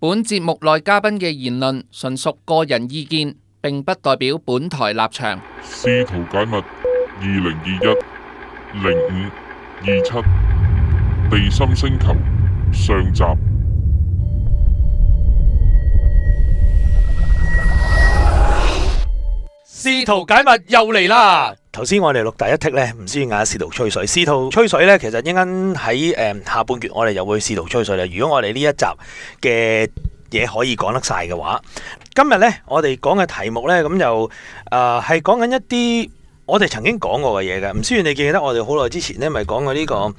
本節目內嘉賓嘅言論純屬個人意見，並不代表本台立場。試圖解密二零二一零五二七，地心星球上集，試圖解密又嚟啦！頭先我哋錄第一剔呢，唔需要試圖吹水。試圖吹水呢，其實一間喺誒下半段，我哋又會試圖吹水啦。如果我哋呢一集嘅嘢可以講得晒嘅話，今日呢，我哋講嘅題目呢，咁就誒係、呃、講緊一啲。我哋曾經講過嘅嘢嘅，唔需要你記得我。我哋好耐之前咧，咪講過呢個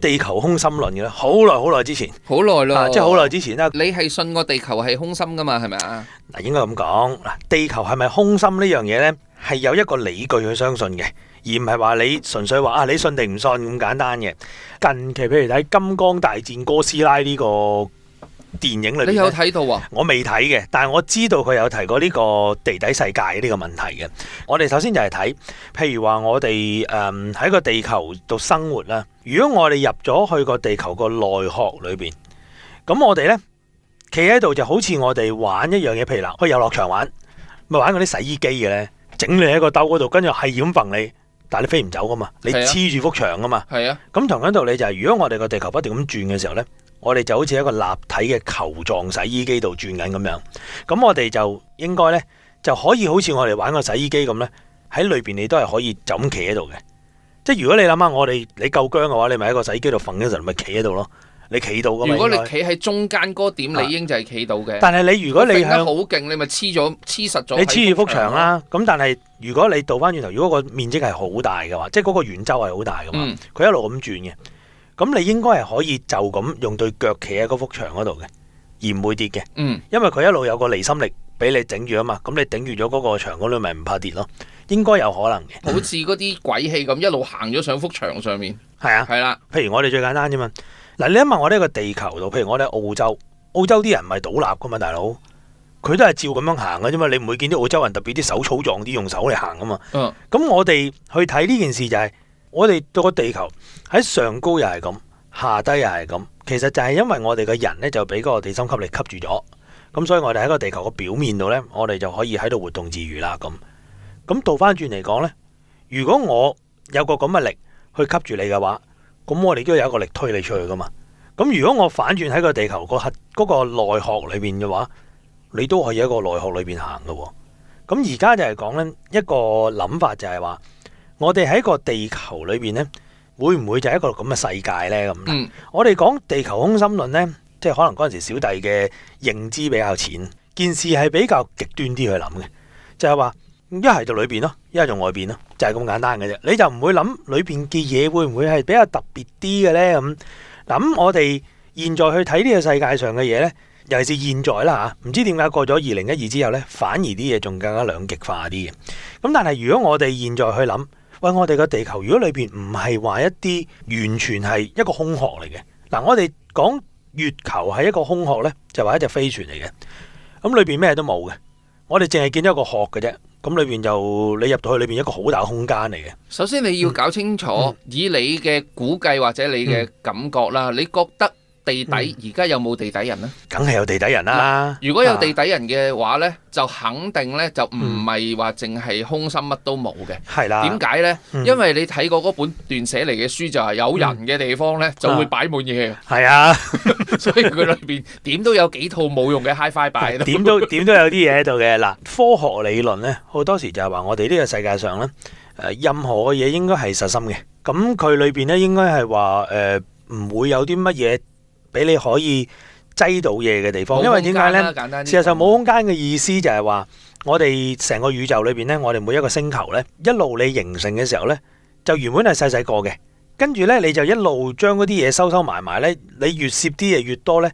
地球空心論嘅啦，好耐好耐之前，好耐啦，即係好耐之前啦。你係信個地球係空心㗎嘛？係咪啊？嗱，應該咁講。嗱，地球係咪空心呢樣嘢咧？係有一個理據去相信嘅，而唔係話你純粹話啊，你信定唔信咁簡單嘅。近期譬如睇《金剛大戰哥斯拉》呢個。電影裏邊，你有睇到啊？我未睇嘅，但係我知道佢有提過呢個地底世界呢個問題嘅。我哋首先就係睇，譬如話我哋誒喺個地球度生活啦。如果我哋入咗去個地球個內殼裏邊，咁我哋咧企喺度就好似我哋玩一樣嘢，譬如嗱去遊樂場玩，咪玩嗰啲洗衣機嘅咧，整你喺個兜嗰度，跟住係咁掟你，但係你飛唔走噶嘛，你黐住幅牆噶嘛。係啊。咁、啊、同樣道理就係、是，如果我哋個地球不停咁轉嘅時候咧。我哋就好似一個立體嘅球狀洗衣機度轉緊咁樣，咁我哋就應該咧就可以好似我哋玩個洗衣機咁咧，喺裏邊你都係可以就咁企喺度嘅。即係如果你諗下我哋你夠薑嘅話，你咪喺個洗衣機度瞓嘅時候咪企喺度咯。你企到咁啊？如果你企喺中間嗰個點，理應就係企到嘅。但係你如果你係好勁，你咪黐咗黐實咗。你黐住幅牆啦。咁但係如果你倒翻轉頭，如果個面積係好大嘅話，即係嗰個圓周係好大噶嘛，佢、嗯、一路咁轉嘅。咁你應該係可以就咁用對腳企喺嗰幅牆嗰度嘅，而唔會跌嘅。嗯，因為佢一路有個離心力俾你頂住啊嘛，咁你頂住咗嗰個牆嗰度，咪唔怕跌咯。應該有可能嘅，好似嗰啲鬼戲咁，一路行咗上幅牆上面。係啊，係啦、啊。譬如我哋最簡單啫嘛。嗱，你一問我呢個地球度，譬如我哋喺澳洲，澳洲啲人唔係倒立噶嘛，大佬，佢都係照咁樣行噶啫嘛。你唔會見到澳洲人特別啲手粗壯啲，用手嚟行噶嘛。嗯。咁我哋去睇呢件事就係、是。我哋個地球喺上高又係咁，下低又係咁，其實就係因為我哋嘅人呢，就俾嗰個地心吸力吸住咗，咁所以我哋喺個地球個表面度呢，我哋就可以喺度活動自如啦。咁咁倒翻轉嚟講呢，如果我有個咁嘅力去吸住你嘅話，咁我哋都有一個力推你出去噶嘛。咁如果我反轉喺個地球個核嗰個內殼裏邊嘅話，你都可以喺個內殼裏邊行噶喎。咁而家就係講呢一個諗、哦、法就係話。我哋喺個地球裏邊呢，會唔會就一個咁嘅世界呢？咁、嗯，我哋講地球空心論呢，即係可能嗰陣時小弟嘅認知比較淺，件事係比較極端啲去諗嘅，就係話一係就裏邊咯，一係就外邊咯，就係、是、咁簡單嘅啫。你就唔會諗裏邊嘅嘢會唔會係比較特別啲嘅呢？咁、嗯、嗱，咁我哋現在去睇呢個世界上嘅嘢呢，尤其是現在啦吓，唔、啊、知點解過咗二零一二之後呢，反而啲嘢仲更加兩極化啲嘅。咁、嗯、但係如果我哋現在去諗，喂，我哋個地球如果裏邊唔係話一啲完全係一個空殼嚟嘅，嗱，我哋講月球係一個空殼呢，就話、是、一隻飛船嚟嘅，咁裏邊咩都冇嘅，我哋淨係見咗個殼嘅啫，咁裏邊就你入到去裏邊一個好大空間嚟嘅。首先你要搞清楚，嗯嗯、以你嘅估計或者你嘅感覺啦，嗯嗯、你覺得？地底而家有冇地底人咧？梗係有地底人啦！如果有地底人嘅話咧，就肯定咧就唔係話淨係空心乜都冇嘅。係啦，點解咧？因為你睇過嗰本段寫嚟嘅書就係有人嘅地方咧，就會擺滿嘢。係啊，所以佢裏邊點都有幾套冇用嘅 HiFi 擺。點都點都有啲嘢喺度嘅。嗱，科學理論咧好多時就係話我哋呢個世界上咧，誒任何嘅嘢應該係實心嘅。咁佢裏邊咧應該係話誒唔會有啲乜嘢。俾你可以擠到嘢嘅地方，因為點解呢？簡單，事實上冇空間嘅意思就係話，我哋成個宇宙裏邊呢，我哋每一個星球呢，一路你形成嘅時候呢，就原本係細細個嘅，跟住呢，你就一路將嗰啲嘢收收埋埋呢，你越攝啲嘢越多呢，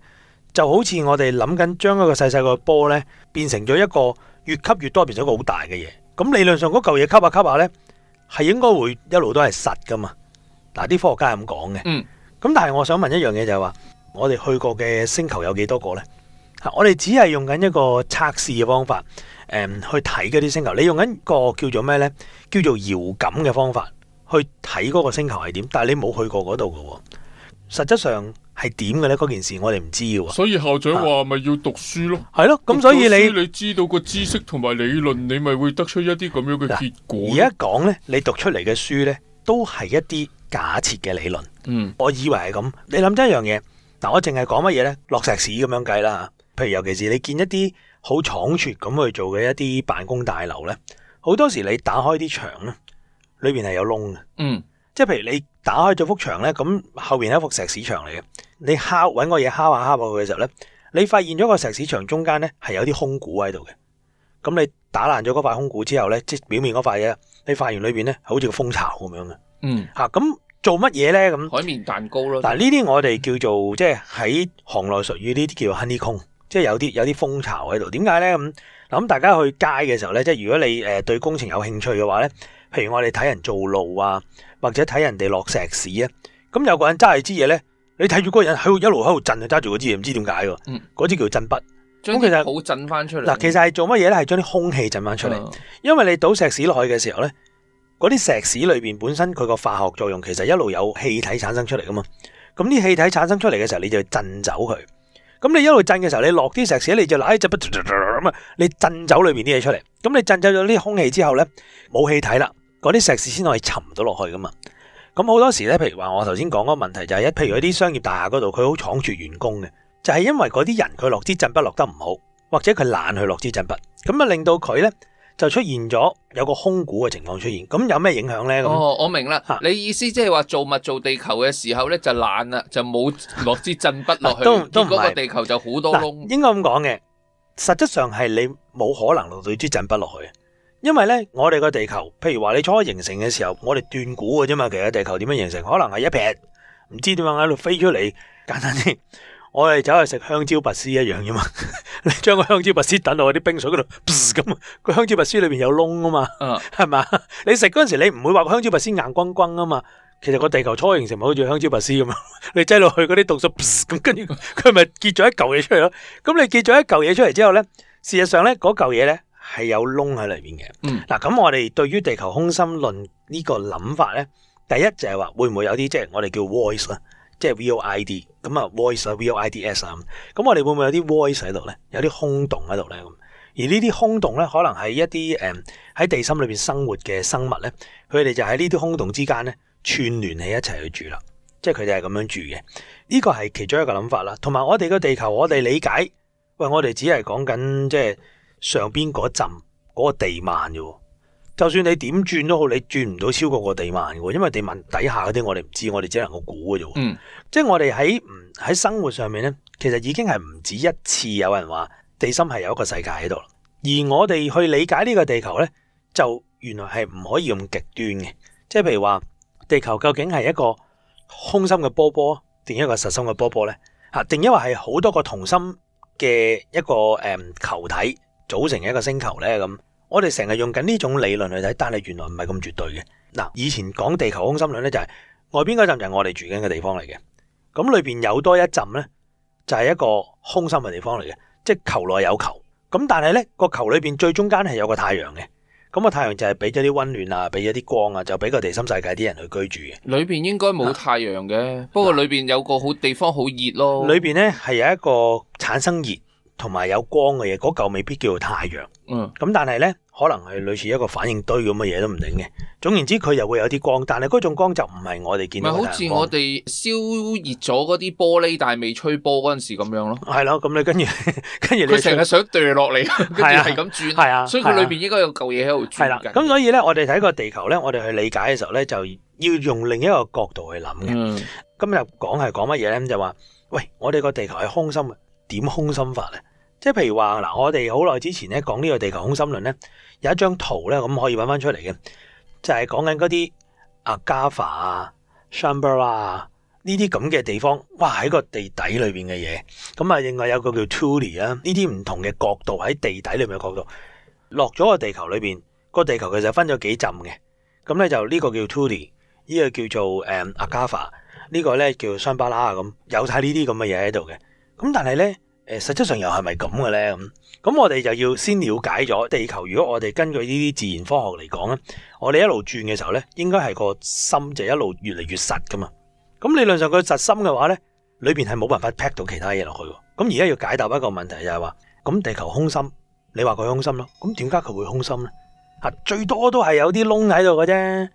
就好似我哋諗緊將一個細細個波呢變成咗一個越吸越多，變成一個好大嘅嘢。咁理論上嗰嚿嘢吸下吸下呢，係應該會一路都係實噶嘛。嗱，啲科學家係咁講嘅。咁、嗯、但係我想問一樣嘢就係話。我哋去過嘅星球有幾多個呢？吓，我哋只係用緊一個測試嘅方法，誒、嗯，去睇嗰啲星球。你用緊個叫做咩呢？叫做遙感嘅方法去睇嗰個星球係點。但係你冇去過嗰度嘅，實質上係點嘅呢？嗰件事我哋唔知嘅，哦。所以校長話咪、啊、要讀書咯，係咯。咁所以你你知道個知識同埋理論，嗯、你咪會得出一啲咁樣嘅結果。而家講呢，你讀出嚟嘅書呢，都係一啲假設嘅理論。嗯，我以為係咁。你諗真一樣嘢。嗱，我淨係講乜嘢咧？落石屎咁樣計啦，譬如尤其是你見一啲好倉促咁去做嘅一啲辦公大樓咧，好多時你打開啲牆咧，裏邊係有窿嘅。嗯，即係譬如你打開咗幅牆咧，咁後邊係一幅石屎牆嚟嘅，你敲揾個嘢敲下敲下佢嘅時候咧，你發現咗個石屎牆中間咧係有啲空鼓喺度嘅。咁你打爛咗嗰塊空鼓之後咧，即係表面嗰塊嘢，你發現裏邊咧好似個蜂巢咁樣嘅、嗯啊。嗯，嚇咁。做乜嘢咧？咁海綿蛋糕咯。嗱呢啲我哋叫做、嗯、即係喺行內屬於呢啲叫 honeycomb，即係有啲有啲蜂巢喺度。點解咧咁？嗱咁大家去街嘅時候咧，即係如果你誒、呃、對工程有興趣嘅話咧，譬如我哋睇人做路啊，或者睇人哋落石屎啊，咁有個人揸住支嘢咧，你睇住嗰個人喺度一路喺度震，揸住支嘢唔知點解嘅。嗰支、嗯、叫震筆。咁、嗯、其實好震翻出嚟。嗱，其實係做乜嘢咧？係將啲空氣震翻出嚟。嗯、因為你倒石屎落去嘅時候咧。嗰啲石屎裏邊本身佢個化學作用其實一路有氣體產生出嚟噶嘛。咁啲氣體產生出嚟嘅時候，你就要震走佢，咁你一路震嘅時候，你落啲石屎，你就攋支筆咁啊，你震走裏邊啲嘢出嚟，咁你震走咗啲空氣之後咧，冇氣體啦，嗰啲石屎先可以沉到落去噶嘛。咁好多時咧，譬如話我頭先講嗰個問題就係一，譬如嗰啲商業大廈嗰度佢好搶住員工嘅，就係因為嗰啲人佢落支震筆落得唔好，或者佢懶去落支震筆，咁啊令到佢咧。就出現咗有個空鼓嘅情況出現，咁有咩影響呢？哦，我明啦，啊、你意思即係話做物做地球嘅時候呢就懶啦，就冇落支鎮筆落去，而嗰 個地球就好多窿，啊。應該咁講嘅，實質上係你冇可能落對支鎮筆落去，因為呢，我哋個地球，譬如話你初形成嘅時候，我哋斷估嘅啫嘛。其實地球點樣形成，可能係一撇，唔知點樣喺度飛出嚟，簡單啲。我哋走去食香蕉拔絲一樣啫嘛， 你將個香蕉拔絲抌落去啲冰水嗰度，咁個香蕉拔絲裏邊有窿啊嘛，係嘛、uh huh.？你食嗰陣時你唔會話個香蕉拔絲硬轟轟啊嘛，其實個地球初形成咪好似香蕉拔絲咁嘛。 你擠落去嗰啲毒素咁，跟住佢咪結咗一嚿嘢出嚟咯。咁你結咗一嚿嘢出嚟之後咧，事實上咧，嗰嚿嘢咧係有窿喺裏邊嘅。嗱、uh，咁、huh. 我哋對於地球空心論呢個諗法咧，第一就係話會唔會有啲即係我哋叫 voice 啦？即係 V O I D 咁啊，voice 啊，V O I D S 啊，咁我哋會唔會有啲 voice 喺度咧？有啲空洞喺度咧咁，而呢啲空洞咧，可能係一啲誒喺地心裏邊生活嘅生物咧，佢哋就喺呢啲空洞之間咧串連起一齊去住啦。即係佢哋係咁樣住嘅。呢個係其中一個諗法啦。同埋我哋個地球，我哋理解喂，我哋只係講緊即係上邊嗰陣嗰個地幔嘅。就算你點轉都好，你轉唔到超過個地幔嘅，因為地幔底下嗰啲我哋唔知，我哋只能夠估嘅啫。嗯，即係我哋喺喺生活上面咧，其實已經係唔止一次有人話地心係有一個世界喺度，而我哋去理解呢個地球咧，就原來係唔可以咁極端嘅。即係譬如話，地球究竟係一個空心嘅波波，定一個實心嘅波波咧？吓，定因為係好多個同心嘅一個誒、嗯、球體組成一個星球咧？咁？我哋成日用緊呢種理論去睇，但係原來唔係咁絕對嘅。嗱，以前講地球空心論咧，就係、是、外邊嗰陣就係我哋住緊嘅地方嚟嘅，咁裏邊有多一浸咧，就係、是、一個空心嘅地方嚟嘅，即係球內有球。咁但係咧個球裏邊最中間係有個太陽嘅，咁個太陽就係俾咗啲溫暖啊，俾咗啲光啊，就俾個地心世界啲人去居住嘅。裏邊應該冇太陽嘅，啊、不過裏邊有個好地方好熱咯。裏邊咧係有一個產生熱。同埋有，有光嘅嘢，嗰嚿未必叫做太陽。嗯，咁但係咧，可能係類似一個反應堆咁嘅嘢都唔定嘅。總言之，佢又會有啲光，但係嗰種光就唔係我哋見到。咪好似我哋燒熱咗嗰啲玻璃，但係未吹波嗰陣時咁樣咯。係咯，咁你跟住， 跟住著你成日想墜落嚟，跟住係咁轉，係啊，所以佢裏邊應該有嚿嘢喺度轉緊。咁所以咧，我哋睇個地球咧，我哋去理解嘅時候咧，就要用另一個角度去諗嘅。今日講係講乜嘢咧？就話，喂，我哋個地球係空心嘅。點空心法咧？即係譬如話嗱，我哋好耐之前咧講呢個地球空心論咧，有一張圖咧，咁可以揾翻出嚟嘅，就係、是、講緊嗰啲阿加伐啊、香巴 a 啊呢啲咁嘅地方，哇喺個地底裏邊嘅嘢。咁啊，另外有個叫 Tully 啦，呢啲唔同嘅角度喺地底裏面嘅角度，落咗個地球裏邊，個地球其實分咗幾浸嘅。咁咧就呢個叫 Tully，依個叫做誒阿加伐，呢個咧叫 s a 香巴 a 啊咁，有曬呢啲咁嘅嘢喺度嘅。咁但係咧，誒，實質上又係咪咁嘅咧？咁，咁我哋就要先了解咗地球。如果我哋根據呢啲自然科學嚟講咧，我哋一路轉嘅時候咧，應該係個心就一路越嚟越實噶嘛。咁理論上佢實心嘅話咧，裏邊係冇辦法 pack 到其他嘢落去。咁而家要解答一個問題就係話，咁地球空心，你話佢空心咯？咁點解佢會空心咧？啊，最多都係有啲窿喺度嘅啫。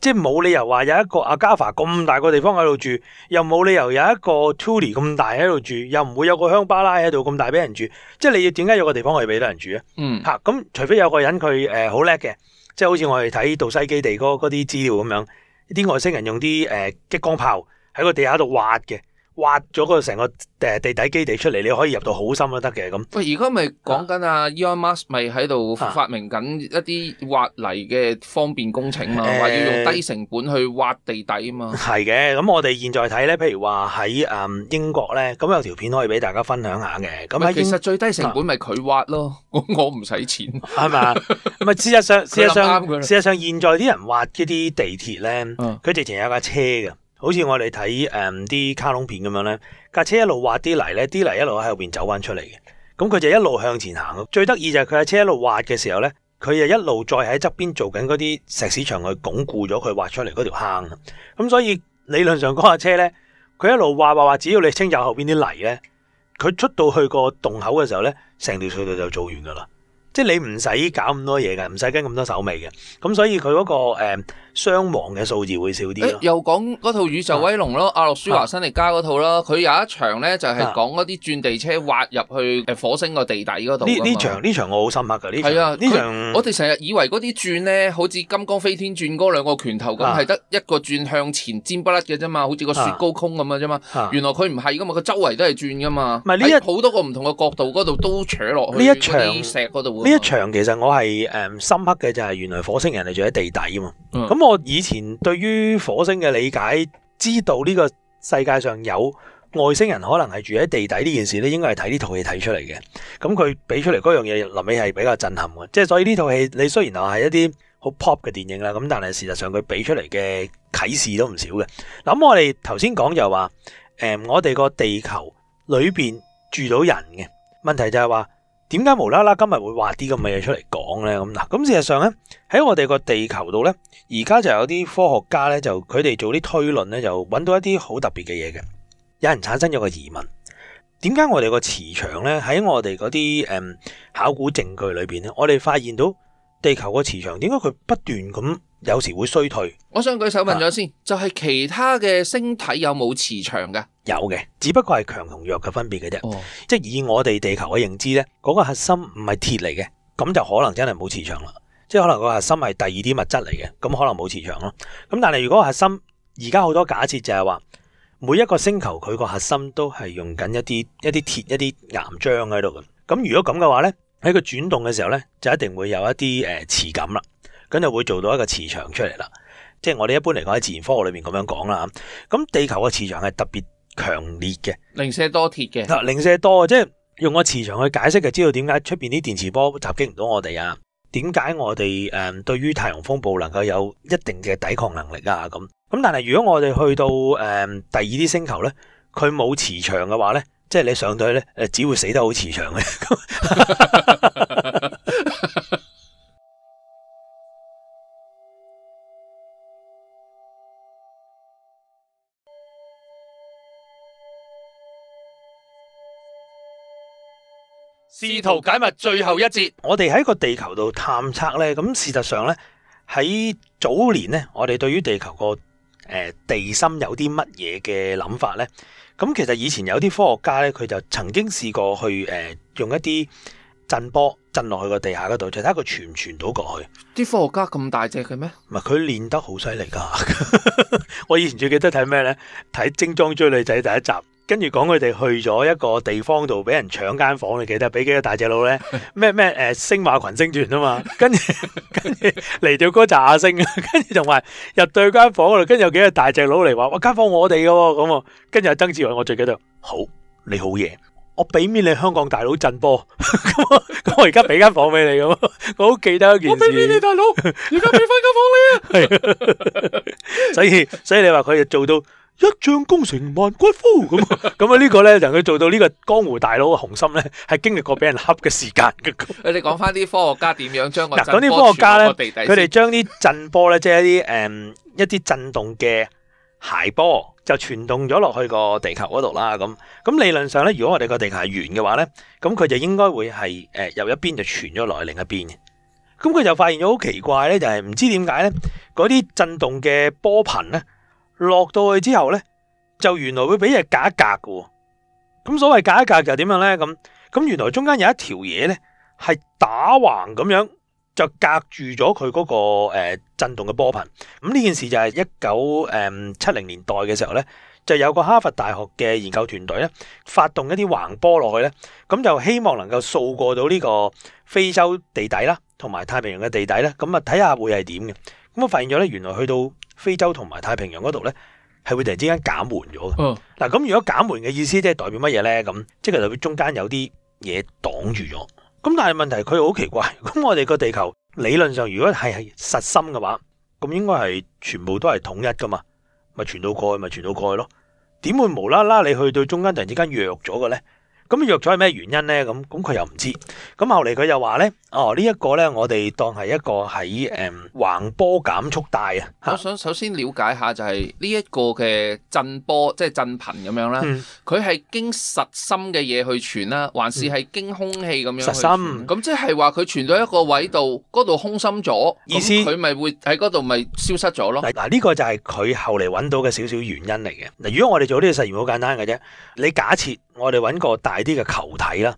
即係冇理由話有一個阿加伐咁大個地方喺度住，又冇理由有一個 Tully 咁大喺度住，又唔會有個香巴拉喺度咁大俾人住。即係你要點解有個地方可以俾到人住，嗯、啊？吓，咁除非有個人佢誒好叻嘅，即係好似我哋睇道西基地嗰啲資料咁樣，啲外星人用啲誒、呃、激光炮，喺個地下度挖嘅。挖咗個成個誒地底基地出嚟，你可以入到好深都得嘅，咁。喂，而家咪講緊啊 Eon Musk 咪喺度發明緊一啲挖泥嘅方便工程嘛，啊，話、啊、要用低成本去挖地底啊嘛。係嘅，咁我哋現在睇咧，譬如話喺誒英國咧，咁有條片可以俾大家分享下嘅。咁其實最低成本咪佢挖咯，嗯，我唔使錢，係嘛吧？唔係事實上，事實上，事實上，事實上現在啲人挖鐵呢，嗯、一啲地鐵咧，佢直情有架車噶。好似我哋睇誒啲卡通片咁樣咧，架車一路挖啲泥咧，啲泥一路喺後邊走翻出嚟嘅，咁佢就一路向前行。最得意就係佢架車一路挖嘅時候咧，佢就一路再喺側邊做緊嗰啲石屎牆去鞏固咗佢挖出嚟嗰條坑。咁所以理論上嗰架車咧，佢一路挖挖挖，只要你清走後邊啲泥咧，佢出到去個洞口嘅時候咧，成條隧道就做完噶啦。即係你唔使搞咁多嘢嘅，唔使跟咁多手尾嘅，咁所以佢嗰、嗰個誒傷、呃、亡嘅數字會少啲、欸、又講嗰套宇宙威龍咯，阿、啊啊、諾舒華辛力加嗰套啦。佢有一場咧就係講嗰啲轉地車挖入去火星個地底嗰度。呢呢場，呢場我好深刻噶，呢場我哋成日以為嗰啲轉咧好似《金剛飛天轉》嗰兩個拳頭咁，係得、啊、一個轉向前尖不甩嘅啫嘛，好似個雪糕空咁嘅啫嘛。原來佢唔係噶嘛，佢周圍都係轉噶嘛。唔呢一好多個唔同嘅角度嗰度都扯落去。呢一場石嗰度。呢一場其實我係誒深刻嘅，就係原來火星人係住喺地底啊嘛。咁、嗯、我以前對於火星嘅理解，知道呢個世界上有外星人可能係住喺地底呢件事咧，應該係睇呢套戲睇出嚟嘅。咁佢俾出嚟嗰樣嘢，臨尾係比較震撼嘅。即係所以呢套戲，你雖然話係一啲好 pop 嘅電影啦，咁但係事實上佢俾出嚟嘅啟示都唔少嘅。嗱，咁我哋頭先講就話誒，我哋個地球裏邊住到人嘅問題就係話。點解無啦啦今日會話啲咁嘅嘢出嚟講呢？咁嗱，咁事實上，呢，喺我哋個地球度呢，而家就有啲科學家呢，就佢哋做啲推論呢，就揾到一啲好特別嘅嘢嘅。有人產生咗個疑問，點解我哋個磁場呢？喺我哋嗰啲誒考古證據裏邊呢，我哋發現到地球個磁場點解佢不斷咁，有時會衰退。我想舉手問咗先，就係其他嘅星體有冇磁場噶？有嘅，只不過係強同弱嘅分別嘅啫。哦、即係以我哋地球嘅認知呢，嗰、嗰個核心唔係鐵嚟嘅，咁就可能真係冇磁場啦。即係可能個核心係第二啲物質嚟嘅，咁可能冇磁場咯。咁但係如果個核心而家好多假設就係話，每一個星球佢個核心都係用緊一啲一啲鐵一啲岩漿喺度嘅。咁如果咁嘅話呢，喺佢轉動嘅時候呢，就一定會有一啲誒磁感啦。咁就會做到一個磁場出嚟啦，即係我哋一般嚟講喺自然科學裏面咁樣講啦。咁地球嘅磁場係特別強烈嘅，零舍多鐵嘅。嗱，零舍多，即係用個磁場去解釋，就知道點解出邊啲電磁波襲擊唔到我哋啊？點解我哋誒、嗯、對於太陽風暴能夠有一定嘅抵抗能力啊？咁咁，但係如果我哋去到誒、嗯、第二啲星球咧，佢冇磁場嘅話咧，即係你上到去咧，誒只會死得好磁場嘅。 試圖解密最後一節。我哋喺個地球度探測呢，咁事實上呢，喺早年呢，我哋對於地球個誒，地心有啲乜嘢嘅諗法呢？咁其實以前有啲科學家呢，佢就曾經試過去誒，用一啲震波震落去個地下嗰度，就睇下佢傳唔傳到過去。啲科學家咁大隻嘅咩？唔係，佢練得好犀利㗎。 我以前最記得睇咩呢？睇《精裝追女仔》第一集。跟住講佢哋去咗一個地方度，俾人搶間房，你記得俾幾個大隻佬咧咩？咩誒星馬群星團啊嘛，跟住跟住嚟咗嗰阿星，跟住同埋入對間房嗰度，跟住有幾個大隻佬嚟話：，我間房我哋嘅，咁啊，跟住阿曾志偉我， 我最記得好你好嘢，我俾面你香港大佬震波，咁 我而家俾間房俾你咁，我好記得一件事，我俾面你大佬，而家俾翻間房你啊， 所以所以你話佢又做到。一將功成萬骨枯，咁咁啊！這這個呢個咧就佢做到呢個江湖大佬嘅雄心咧，係經歷過俾人恰嘅時間嘅。你講翻啲科學家點樣將嗱？咁啲科學家咧，佢哋將啲震波咧， 即係一啲誒、嗯、一啲震動嘅諧波，就傳動咗落去個地球嗰度啦。咁咁理論上咧，如果我哋個地球係圓嘅話咧，咁佢就應該會係誒由一邊就傳咗落去另一邊。咁佢就發現咗好奇怪咧，就係、是、唔知點解咧，嗰啲震動嘅波頻咧。落到去之後呢，就原來會俾嘢架格隔。咁所謂架格就其實點樣呢？咁咁原來中間有一條嘢呢，係打橫咁樣就隔住咗佢嗰個震振動嘅波頻。咁呢件事就係一九誒七零年代嘅時候呢，就有個哈佛大學嘅研究團隊咧，發動一啲橫波落去呢，咁就希望能夠掃過到呢個非洲地底啦，同埋太平洋嘅地底咧，咁啊睇下會係點嘅。咁我發現咗咧，原來去到非洲同埋太平洋嗰度咧，係會突然之間減緩咗嘅。嗱，咁如果減緩嘅意思，即係代表乜嘢咧？咁即係代表中間有啲嘢擋住咗。咁但係問題，佢好奇怪。咁我哋個地球理論上，如果係係實心嘅話，咁應該係全部都係統一噶嘛？咪傳到過去咪傳到過去咯？點會無啦啦你去到中間，突然之間弱咗嘅咧？咁弱咗係咩原因咧？咁咁佢又唔知。咁後嚟佢又話咧。哦，呢、這個、一個呢，我哋當係一個喺誒橫波減速帶啊。我想首先了解下，就係呢一個嘅震波，即係震頻咁樣啦。佢係、嗯、經實心嘅嘢去傳啦，還是係經空氣咁樣？實心。咁即係話佢傳到一個位度，嗰度空心咗，意思佢咪會喺嗰度咪消失咗咯？嗱，呢個就係佢後嚟揾到嘅少少原因嚟嘅。嗱，如果我哋做呢個實驗好簡單嘅啫，你假設我哋揾個大啲嘅球體啦，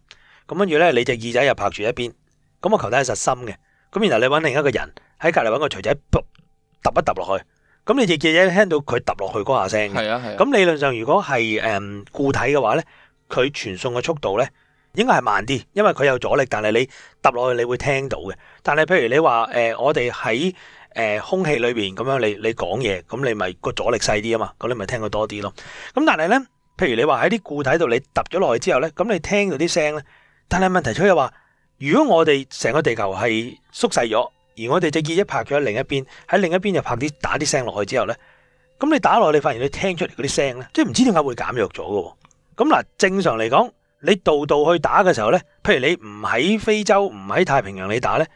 咁跟住呢，你隻耳仔又拍住一邊。咁我球體係實心嘅，咁然後你揾另一個人喺隔籬揾個錘仔，揼一揼落去，咁你直接聽到佢揼落去嗰下聲。係啊係。咁理論上如果係誒固體嘅話咧，佢傳送嘅速度咧，應該係慢啲，因為佢有阻力。但係你揼落去你會聽到嘅。但係譬如你話誒我哋喺誒空氣裏邊咁樣，你你講嘢，咁你咪個阻力細啲啊嘛，咁你咪聽佢多啲咯。咁但係咧，譬如你話喺啲固體度你揼咗落去之後咧，咁你聽到啲聲咧，但係問題出於話。如果我哋成個地球係縮細咗，而我哋隻耳一拍，咗喺另一邊，喺另一邊又拍啲打啲聲落去之後咧，咁你打落你發現你聽出嚟，嗰啲聲咧，即係唔知點解會減弱咗嘅。咁、嗯、嗱，正常嚟講，你度度去打嘅時候咧，譬如你唔喺非洲，唔喺太平洋，你打咧，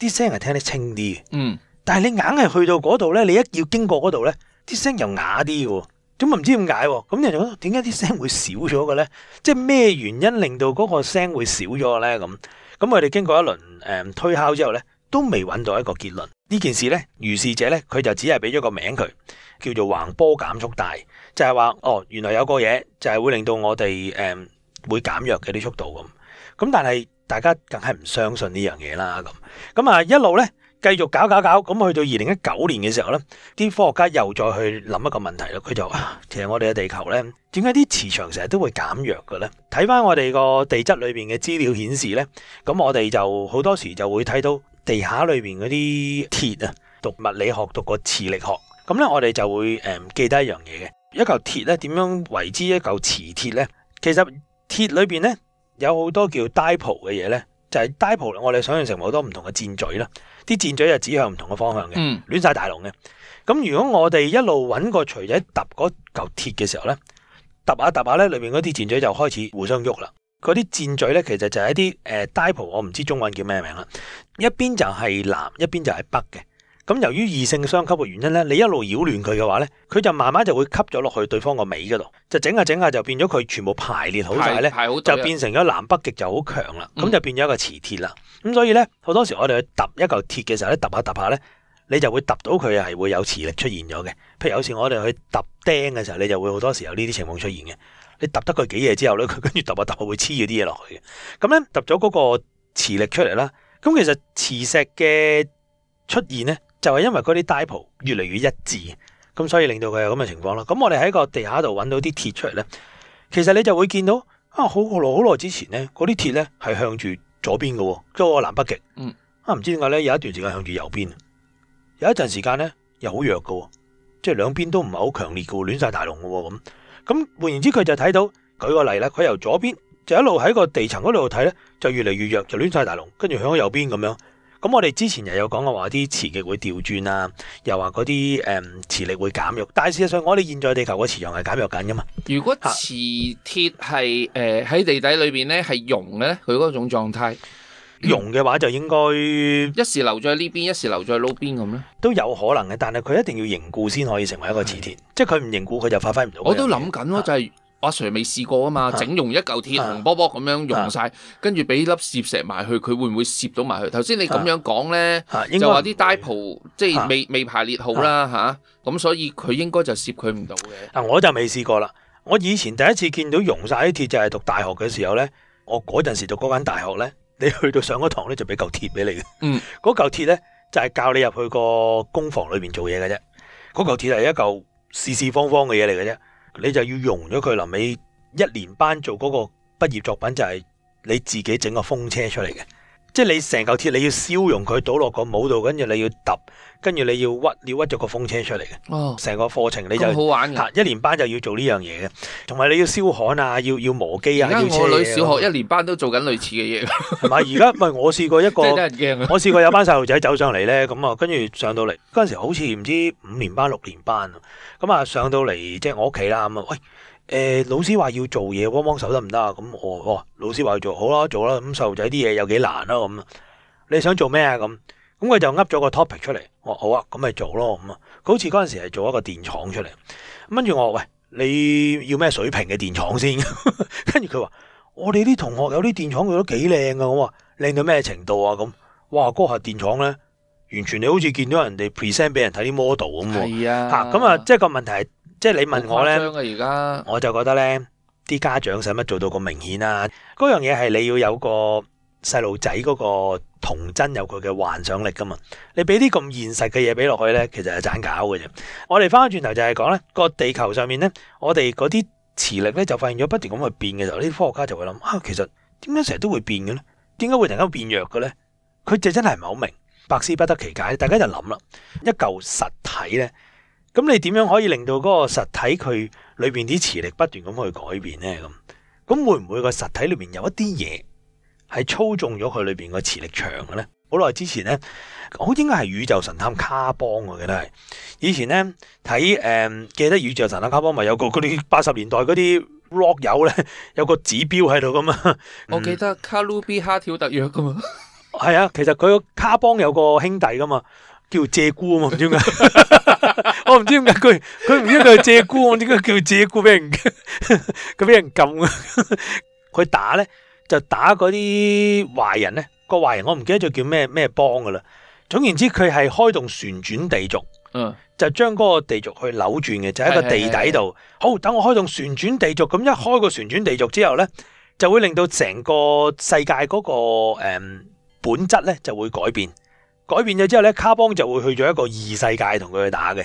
啲聲係聽得清啲嘅。嗯。但係你硬係去到嗰度咧，你一要經過嗰度咧，啲聲又啞啲嘅。咁唔知點解？咁你就覺得點解啲聲會少咗嘅咧？即係咩原因令到嗰個聲會少咗咧？咁？咁我哋經過一輪誒、嗯、推敲之後呢，都未揾到一個結論。呢件事呢，如是者呢，佢就只係俾咗個名佢，叫做橫波減速帶，就係、是、話哦，原來有個嘢就係會令到我哋誒、嗯、會減弱嘅啲速度咁。咁但係大家梗係唔相信呢樣嘢啦咁。咁啊一路呢。繼續搞搞搞，咁去到二零一九年嘅時候呢啲科學家又再去諗一個問題咯。佢就話，其實我哋嘅地球呢，點解啲磁場成日都會減弱嘅呢？睇翻我哋個地質裏邊嘅資料顯示呢，咁我哋就好多時就會睇到地下裏邊嗰啲鐵啊。讀物理學讀過磁力學，咁呢我哋就會誒、嗯、記得一樣嘢嘅，一嚿鐵呢點樣為之一嚿磁鐵呢？其實鐵裏邊呢有好多叫 dipole 嘅嘢呢。」就係 dipole 我哋想象成好多唔同嘅箭嘴啦，啲箭嘴就指向唔同嘅方向嘅，嗯、亂晒大龍嘅。咁如果我哋一路揾個錘仔揼嗰嚿鐵嘅時候咧，揼下揼下咧，裏邊嗰啲箭嘴就開始互相喐啦。嗰啲箭嘴咧，其實就係一啲誒 dipole 我唔知中文叫咩名啦，一邊就係南，一邊就係北嘅。咁由於異性相吸嘅原因咧，你一路擾亂佢嘅話咧，佢就慢慢就會吸咗落去對方個尾嗰度，就整下整下就變咗佢全部排列好曬咧，就變成咗南北極就好強啦。咁就變咗一個磁鐵啦。咁、嗯、所以咧，好多時我哋去揼一嚿鐵嘅時候咧，揼下揼下咧，你就會揼到佢係會有磁力出現咗嘅。譬如有時我哋去揼釘嘅時候，你就會好多時候有呢啲情況出現嘅。你揼得佢幾嘢之後咧，佢跟住揼下揼下會黐咗啲嘢落去嘅。咁咧揼咗嗰個磁力出嚟啦。咁其實磁石嘅出現咧，就係因為嗰啲 dipole 越嚟越一致，咁所以令到佢有咁嘅情況咯。咁我哋喺個地下度揾到啲鐵出嚟呢，其實你就會見到啊，好耐好耐之前呢，嗰啲鐵呢係向住左邊嘅，即係我南北極。嗯，啊唔知點解呢，有一段時間向住右邊，有一陣時間呢又好弱嘅，即係兩邊都唔係好強烈嘅，亂晒大龍嘅咁。咁換言之，佢就睇到，舉個例呢，佢由左邊就一路喺個地層嗰度睇呢，就越嚟越弱，就亂晒大龍，跟住向咗右邊咁樣。咁我哋之前又有講過話，啲磁極會掉轉啊，又話嗰啲誒磁力會減弱。但係事實上，我哋現在地球個磁場係減弱緊噶嘛。如果磁鐵係誒喺地底裏邊咧係溶咧，佢嗰種狀態溶嘅話就應該、嗯、一時留在呢邊，一時留在路邊咁咧，都有可能嘅。但係佢一定要凝固先可以成為一個磁鐵，是的 即係佢唔凝固，佢就發揮唔到。我都諗緊咯，就係、是。啊阿 Sir 未試過啊嘛，整容一嚿鐵紅波波咁樣溶晒，跟住俾粒攝石埋去，佢會唔會攝到埋去？頭先你咁樣講咧，應該話啲 dipole 即係未未排列好啦吓，咁所以佢應該就攝佢唔到嘅。嗱，我就未試過啦。我以前第一次見到溶晒啲鐵就係讀大學嘅時候咧，我嗰陣時讀嗰間大學咧，你去到上嗰堂咧就俾嚿鐵俾你嘅。嗯，嗰嚿鐵咧就係教你入去個工房裏邊做嘢嘅啫，嗰嚿鐵係一嚿四四方方嘅嘢嚟嘅啫。你就要用咗佢，臨尾一年班做嗰個畢業作品就係你自己整個風車出嚟嘅。即係你成嚿鐵，你要燒融佢，倒落個模度，跟住你要揼，跟住你要屈，要屈咗個風車出嚟嘅。哦，成個課程你就，好玩㗎，嗱，一年班就要做呢樣嘢嘅，同埋你要燒焊啊，要要磨機啊，要車。我女小學一年班都做緊類似嘅嘢，係嘛，嗯？而家唔係我試過一個， 啊，我試過有班細路仔走上嚟咧，咁啊，跟住上到嚟嗰陣時好似唔知五年班六年班，咁啊上到嚟即係我屋企啦，咁啊喂。誒、呃，老師話要做嘢幫幫手得唔得啊？咁我老師話要做好啦，做啦。咁細路仔啲嘢有幾難啦。咁你想做咩啊？咁咁佢就噏咗個 topic 出嚟。我、嗯、好啊，咁咪做咯。咁啊，佢好似嗰陣時係做一個電廠出嚟。跟住我話喂，你要咩水平嘅電廠先？跟住佢話我哋啲同學有啲電廠佢都幾靚噶。我話靚到咩程度啊？咁哇，嗰、嗰個係電廠咧，完全你好似見到人哋 present 俾人睇啲 model 咁喎。係啊，吓咁啊，嗯、即係個問題係。即係你問我咧，我就覺得咧，啲家長使乜做到咁明顯啊？嗰樣嘢係你要有個細路仔嗰個童真有佢嘅幻想力噶嘛。你俾啲咁現實嘅嘢俾落去咧，其實係盞搞嘅啫。我哋翻翻轉頭就係講咧，個地球上面咧，我哋嗰啲磁力咧就發現咗不斷咁去變嘅時候，啲科學家就會諗啊，其實點解成日都會變嘅咧？點解會突然間變弱嘅咧？佢就真係唔係好明白，百思不得其解。大家就諗啦，一嚿實體咧。咁你點樣可以令到嗰個實體佢裏邊啲磁力不斷咁去改變咧？咁咁會唔會個實體裏邊有一啲嘢係操縱咗佢裏邊個磁力場嘅咧？好耐之前咧，我應該係宇宙神探卡邦，我記得係以前咧睇，誒，記得宇宙神探卡邦咪有個嗰啲八十年代嗰啲 rock 友咧，有個指標喺度噶嘛？嗯、我記得卡魯比哈跳特約噶嘛？係 啊，其實佢個卡邦有個兄弟噶嘛，叫借姑啊嘛，唔知點解。 我唔知點解佢，佢唔知佢借故，我點解叫借故俾人？佢俾人撳佢打咧，就打嗰啲壞人咧。個壞人我唔記得咗叫咩咩幫噶啦。總言之，佢係開動旋轉地軸，嗯，就將嗰個地軸去扭轉嘅，就喺、是、個地底度。是是是是好，等我開動旋轉地軸，咁一開個旋轉地軸之後咧，就會令到成個世界嗰、那個誒、嗯、本質咧就會改變。改變咗之後咧，卡邦就會去咗一個異世界同佢去打嘅。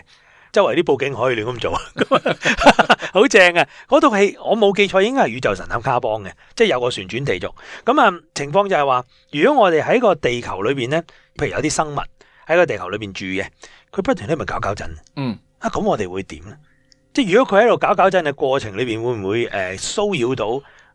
周圍啲布景可以亂咁做，咁啊好正啊！嗰套戲我冇記錯，應該係宇宙神探卡邦嘅，即係有個旋轉地球。咁、嗯、啊，情況就係話，如果我哋喺個地球裏邊呢，譬如有啲生物喺個地球裏邊住嘅，佢不停喺度搞搞震，嗯啊，咁我哋會點呢？即係如果佢喺度搞搞震嘅過程裏邊，會唔會誒騷擾到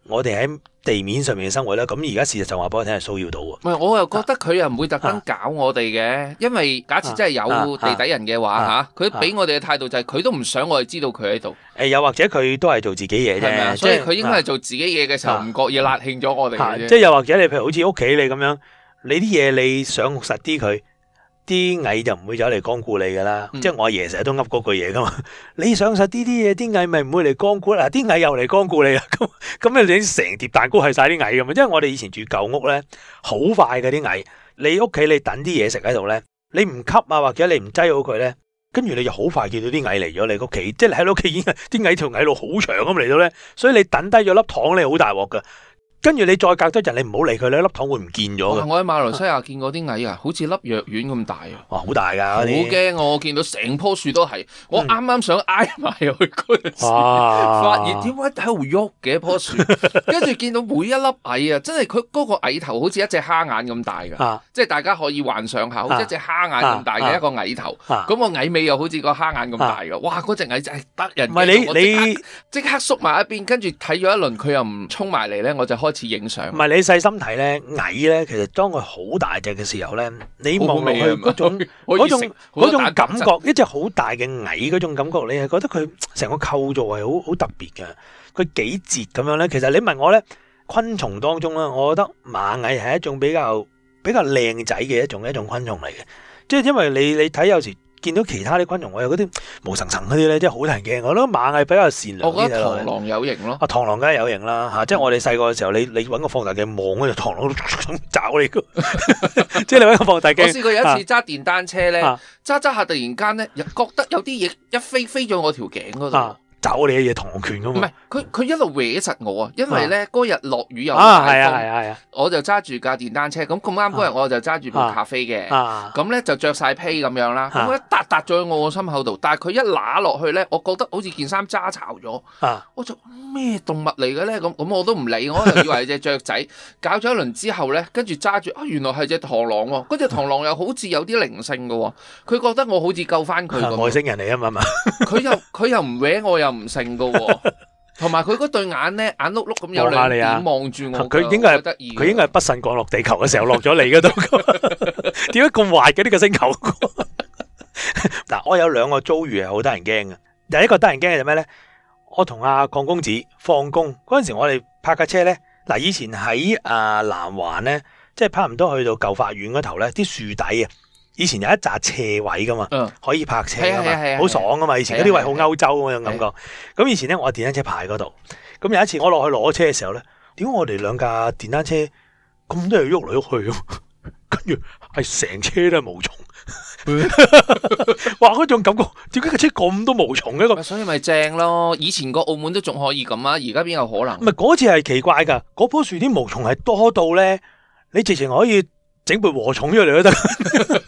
我哋喺？地面上面嘅生活啦，咁而家事實就話俾我聽係騷擾到啊。唔係， 我又覺得佢又唔會特登搞我哋嘅，因為假設真係有地底人嘅話嚇，佢俾我哋嘅態度就係佢都唔想我哋知道佢喺度。誒，又或者佢都係做自己嘢啫，所以佢應該係做自己嘢嘅時候唔覺意辣興咗我哋，即係又或者你譬如好似屋企你咁樣，你啲嘢你想實啲佢。啲蟻就唔會走嚟光顧你噶啦。嗯、即係我阿爺成日都噏嗰句嘢噶嘛。你想實啲啲嘢，啲蟻咪唔會嚟光顧啦。啲蟻又嚟光顧你啊！咁咁啊，你成碟蛋糕係晒啲蟻噶嘛。因為我哋以前住舊屋咧，好快嘅啲蟻。你屋企你等啲嘢食喺度咧，你唔吸啊或者你唔擠好佢咧，跟住你就好快見到啲蟻嚟咗你屋企。即係你喺屋企已經，啲蟻條蟻路好長噉，嚟到咧，所以你等低咗粒糖你好大鑊噶。跟住你再隔多日，你唔好理佢咧，粒糖會唔見咗。哇！我喺馬來西亞見過啲蟻啊，好似粒藥丸咁大啊。哇，好大噶！好驚，我見到成棵樹都係，我啱啱想挨埋去嗰陣，發現點解喺度喐嘅一棵樹，跟住見到每一粒蟻啊，真係佢嗰個蟻頭好似一隻蝦眼咁大噶，即係大家可以幻想下，好似一隻蝦眼咁大嘅一個蟻頭。咁個蟻尾又好似個蝦眼咁大嘅，哇！嗰隻蟻真係得人。唔係你你即刻縮埋一邊，跟住睇咗一輪，佢又唔衝埋嚟咧，我就開影相，唔係你細心睇咧，蟻咧其實當佢好大隻嘅時候咧，你望落去嗰種嗰種嗰種感覺，一隻好大嘅蟻嗰種感覺，你係覺得佢成個構造係好好特別嘅，佢幾節咁樣咧。其實你問我咧，昆蟲當中啦，我覺得螞蟻係一種比較比較靚仔嘅一種一種昆蟲嚟嘅，即係因為你你睇有時。見到其他啲昆蟲，我有嗰啲毛層層嗰啲咧，真係好多人驚。我覺得螞蟻比較善良啲，我諗螳螂有型咯、啊。啊，螳螂梗係有型啦，吓，即係我哋細個嘅時候，你你搵個放大鏡望喺隻螳螂都咁抓你噶，即係 你搵個放大鏡。我試過有一次揸電單車咧，揸揸、啊、下突然間咧，覺得有啲嘢一飛飛咗我條頸嗰度。啊扎你嘅嘢螳拳咁，唔係，佢佢一路歪實我啊！因為咧嗰、啊、日落雨又大風，啊係啊係啊係啊！啊啊啊我就揸住架電單車，咁咁啱嗰日我就揸住部咖啡嘅，咁咧、啊、就着晒披咁樣啦。咁一笪笪咗喺我個心口度，但係佢一揦落去咧，我覺得好似件衫揸巢咗。啊、我就咩動物嚟嘅咧？咁咁我都唔理，我就以為係隻雀仔。 搞咗一輪之後咧，跟住揸住啊，原來係隻螳螂喎！嗰隻螳螂又好似有啲靈性噶，佢覺得我好似救翻佢、啊。外星人嚟啊嘛嘛！佢又佢又唔歪我又。唔成噶，同埋佢嗰對眼咧，眼碌碌咁有兩眼望住我，佢、啊、應該係佢應該係不慎降落地球嘅時候落咗嚟嘅都，點解咁壞嘅呢個星球？嗱、 啊，我有兩個遭遇係好得人驚嘅，第一個得人驚嘅就咩咧？我同阿鄺公子放工嗰陣時，我哋泊架車咧，嗱，以前喺啊南環咧，即係差唔多去到舊法院嗰頭咧，啲樹底、啊。嘅。以前有一扎斜位噶嘛，嗯、可以泊車噶嘛，好、啊啊啊、爽噶嘛。以前嗰啲位好歐洲嗰種感覺。咁以前咧，我電單車泊嗰度。咁有一次我落去攞車嘅時候咧，點解我哋兩架電單車咁多人喐嚟喐去、啊？跟住係成車都係毛蟲。 哇！嗰種感覺，點解架車咁多毛蟲嘅？所以咪正咯。以前個澳門都仲可以咁啊，而家邊有可能？咪嗰次係奇怪㗎。嗰樖樹啲毛蟲係多到咧，你直情可以整盤禾蟲出嚟都得。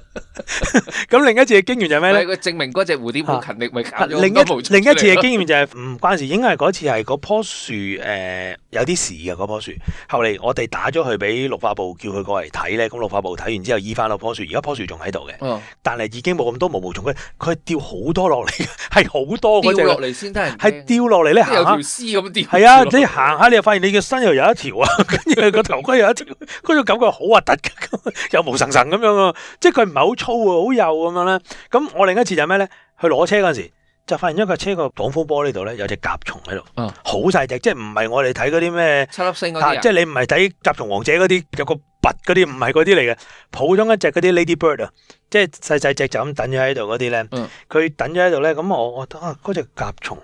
咁 另一次嘅經驗就係咩咧？證明嗰隻蝴蝶冇勤力，啊，咪搞咗。另一另一次嘅經驗就係、是、唔、嗯、關事，應該係嗰次係嗰棵樹誒、呃、有啲事嘅嗰棵樹。後嚟我哋打咗去俾綠化部，叫佢過嚟睇咧。咁綠化部睇完之後，移翻落棵樹。而家棵樹仲喺度嘅，啊、但係已經冇咁多毛毛蟲嘅。佢掉好多落嚟，係好多嗰隻落嚟先。啲人係掉落嚟咧，吓，係啊！你行下，你又發現你嘅身又有一條啊，跟住個頭盔有一條，嗰種感覺好核突嘅，又毛神神咁樣啊。即係佢唔係好粗。好幼咁樣咧，咁我另一次就咩咧？去攞車嗰時就發現咗架車個擋風玻璃度咧，有隻甲蟲喺度，好細隻，即係唔係我哋睇嗰啲咩七粒星嗰啲，即係你唔係睇甲蟲王者嗰啲，有個拔嗰啲唔係嗰啲嚟嘅，普通一隻嗰啲 ladybird 啊，即係細細隻就咁等咗喺度嗰啲咧，佢等咗喺度咧，咁我我啊，嗰隻甲蟲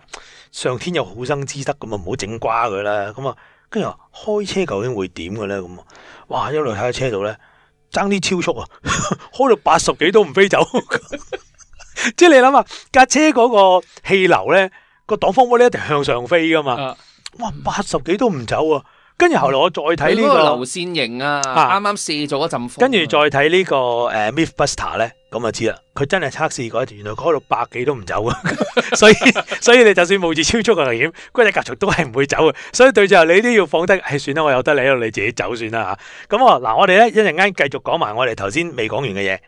上天有好生之德，咁啊唔好整瓜佢啦，咁啊，跟住話開車究竟會點嘅咧？咁啊，哇，一路喺車度咧。爭啲超速啊， 開到八十幾都唔飛走 想想，即係你諗下，架車嗰個氣流咧，個擋風玻璃一定向上飛噶嘛，uh，哇，八十幾都唔走啊！跟住後來我再睇呢、嗯這個、個流線型啊，啱啱試咗一陣風，跟住再睇、這個 uh，呢個誒 Mythbuster 咧，咁就知啦，佢真係測試嗰條，原來開到百幾都唔走啊！ 所以所以你就算冒住超速嘅危險，嗰隻甲蟲都係唔會走啊！所以對住你都要放低，唉、哎，算啦，我由得你喺度，你自己走算啦吓。咁我嗱，我哋咧，一陣間繼續講埋我哋頭先未講完嘅嘢。